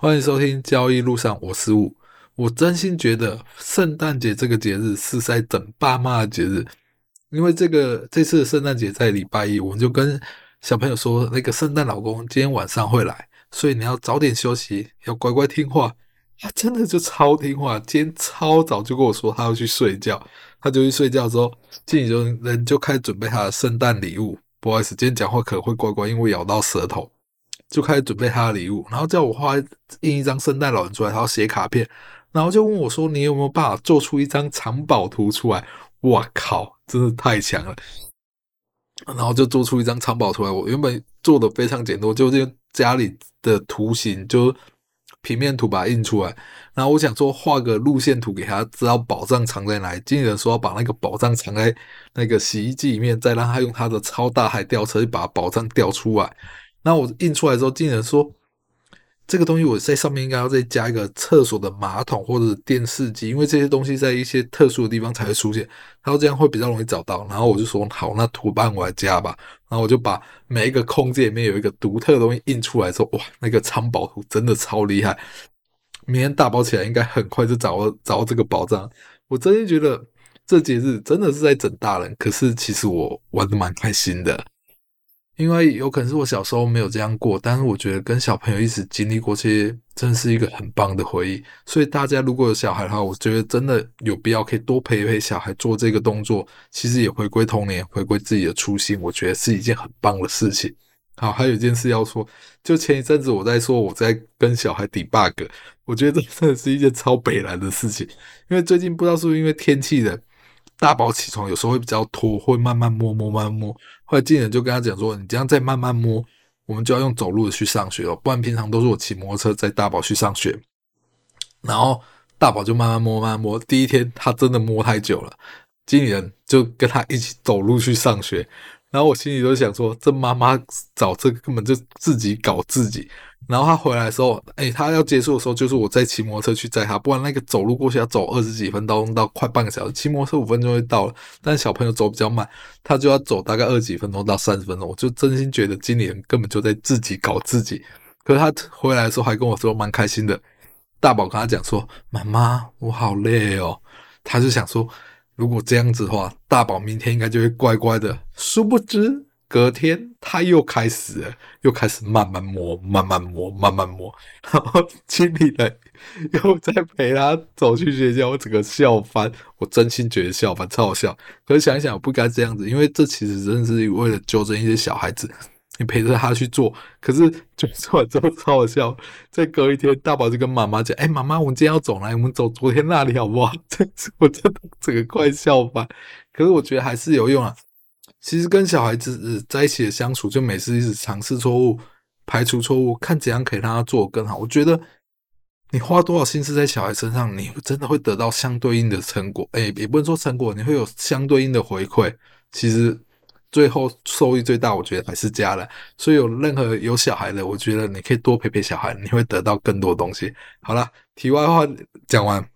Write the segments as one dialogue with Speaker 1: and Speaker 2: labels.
Speaker 1: 歡迎收聽交易路上，我是武。我真心覺得聖誕節這個節日是在整爸媽的節日，因為這個這次的聖誕節在禮拜一，我們就跟小朋友說，那個聖誕老公今天晚上會來，所以你要早點休息，要乖乖聽話。他真的就超聽話，今天超早就跟我說他要去睡覺，他就去睡覺之後，進家裡人人就開始準備他的聖誕禮物。不好意思，今天講話可能會怪怪，因為咬到舌頭。就開始準備他的禮物，然後叫我畫印一張聖誕老人出來，然後寫卡片，然後就問我說：“你有沒有辦法做出一張藏寶圖出來？”我靠，真是太強了！然後就做出一張藏寶圖來。我原本做的非常簡陋，就是家裡的圖形，就平面圖把它印出來。然後我想說，畫個路線圖給他，知道寶藏藏在哪裡。經紀人說要把那個寶藏藏在那個洗衣機裡面，再讓他用他的超大海吊車，去把寶藏吊出來。那我印出來之後，竟然說這個東西我在上面應該要再加一個廁所的馬桶或者是電視機，因為這些東西在一些特殊的地方才會出現，然後這樣會比較容易找到。然後我就說好，那圖辦我來加吧。然後我就把每一個空間裡面有一個獨特的東西印出來之後，哇，那個藏寶圖真的超厲害！明天打包起來，應該很快就找到找到這個寶藏。我真的覺得這節日真的是在整大人，可是其實我玩的蠻開心的。因為有可能是我小時候沒有這樣過，但是我覺得跟小朋友一起經歷過這些，真是一個很棒的回憶。所以大家如果有小孩的話，我覺得真的有必要可以多陪陪小孩做這個動作，其實也回歸童年，回歸自己的初心，我覺得是一件很棒的事情。好，還有一件事要說，就前一陣子我在說我在跟小孩 debug，我覺得這真的是一件超北爛的事情，因為最近不知道是不是因為天氣的。大寶起床有時候會比較拖，會慢慢摸摸慢慢摸摸，後來經理人就跟他講說：“你這樣再慢慢摸，我們就要用走路的去上學了，不然平常都是我騎摩托車載大寶去上學。”然後大寶就慢慢摸慢慢摸，第一天他真的摸太久了，經理人就跟他一起走路去上學。然後我心裡都想說，這媽媽找這個根本就自己搞自己。然後她回來的時候，誒，她要結束的時候，就是我在騎摩托車去載她。不然那個走路過去要走二十幾分鐘到快半個小時，騎摩托車五分鐘就會到了。但小朋友走比較慢，她就要走大概二十幾分鐘到三十分鐘。我就真心覺得今年根本就在自己搞自己。可是她回來的時候還跟我說蠻開心的。大寶跟她講說：“媽媽，我好累哦。”她就想說。如果這樣子的話，大寶明天應該就會乖乖的。殊不知，隔天他又開始了，又開始慢慢磨，慢慢磨，慢慢磨。然後經理人又在陪他走去學校，我整個笑翻，我真心覺得笑翻，超好笑。可是想一想，我不該這樣子，因為這其實真的是為了糾正一些小孩子。你陪着他去做，可是做做完之後超好笑。再隔一天，大寶就跟媽媽講：“哎、欸，媽媽，我們今天要走了，我們走昨天那裡好不好？” 我真的整個快笑吧。可是我覺得還是有用啊。其實跟小孩子、呃、在一起的相處，就每次一直嘗試錯誤，排除錯誤，看怎樣可以讓他做更好。我覺得你花多少心思在小孩身上，你真的會得到相對應的成果。哎、欸，也不能說成果，你會有相對應的回饋。其實。最後收益最大，我覺得還是家了。所以有任何有小孩的，我覺得你可以多陪陪小孩，你會得到更多東西。好了，題外話講完，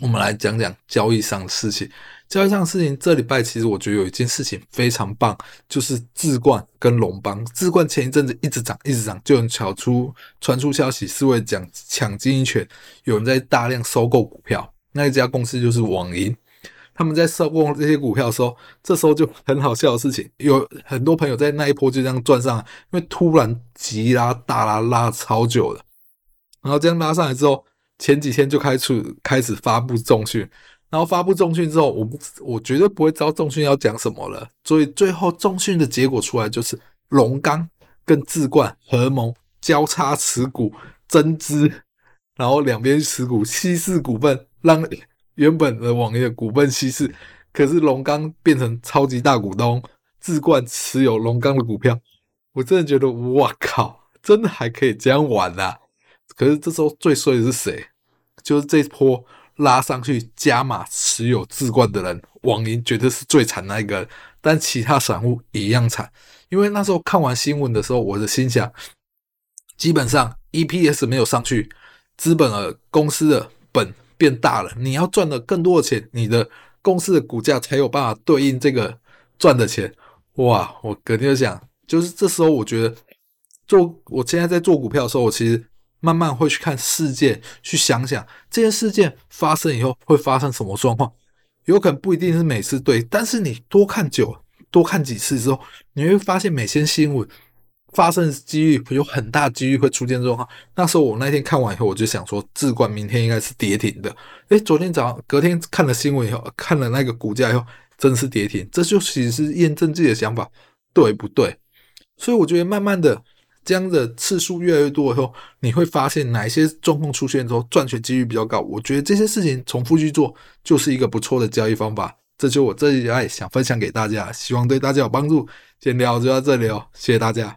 Speaker 1: 我們來講講交易上的事情。交易上的事情，這禮拜其實我覺得有一件事情非常棒，就是智冠跟龍邦。智冠前一陣子一直漲，一直漲，就有人傳出傳出消息，是為了講搶經營權，有人在大量收購股票。那一家公司就是網銀。他們在收購這些股票的時候，這時候就很好笑的事情，有很多朋友在那一波就這樣賺上來，因為突然急拉、大拉，拉超久了，然後這樣拉上來之後，前幾天就開始開始發布重訊，然後發布重訊之後，我我絕對不會知道重訊要講什麼了，所以最後重訊的結果出來就是龍剛跟智冠合盟交叉持股增資，然後兩邊持股稀釋股份讓，原本的網銀的股份稀釋，可是龍鋼變成超級大股東，自冠持有龍鋼的股票，我真的覺得，我靠，真的還可以這樣玩啦、啊。可是這時候最衰的是誰？就是這一波拉上去加碼持有自冠的人，網銀絕對是最慘那一個人，但其他散戶一樣慘。因為那時候看完新聞的時候，我的心想，基本上 EPS 沒有上去，資本的公司的本。變大了，你要賺了更多的錢，你的公司的股價才有辦法對應這個賺的錢。哇，我肯定就想，就是這時候我覺得做，我現在在做股票的時候，我其實慢慢會去看事件，去想想這件事件發生以後會發生什麼狀況。有可能不一定是每次對，但是你多看久，多看幾次之後，你會發現每篇新聞。發生機率會有很大機率會出現這種哈，那時候我那天看完以後，我就想說，智冠明天應該是跌停的。誒，昨天早上隔天看了新聞以後，看了那個股價以後，真是跌停，這就其實是驗證自己的想法，對不對？所以我覺得慢慢的，這樣的次數越來越多以後，你會發現哪些狀況出現之後賺錢幾率比較高。我覺得這些事情重複去做，就是一個不錯的交易方法。這就我這一期想分享給大家，希望對大家有幫助。先聊就到這裡哦，謝謝大家。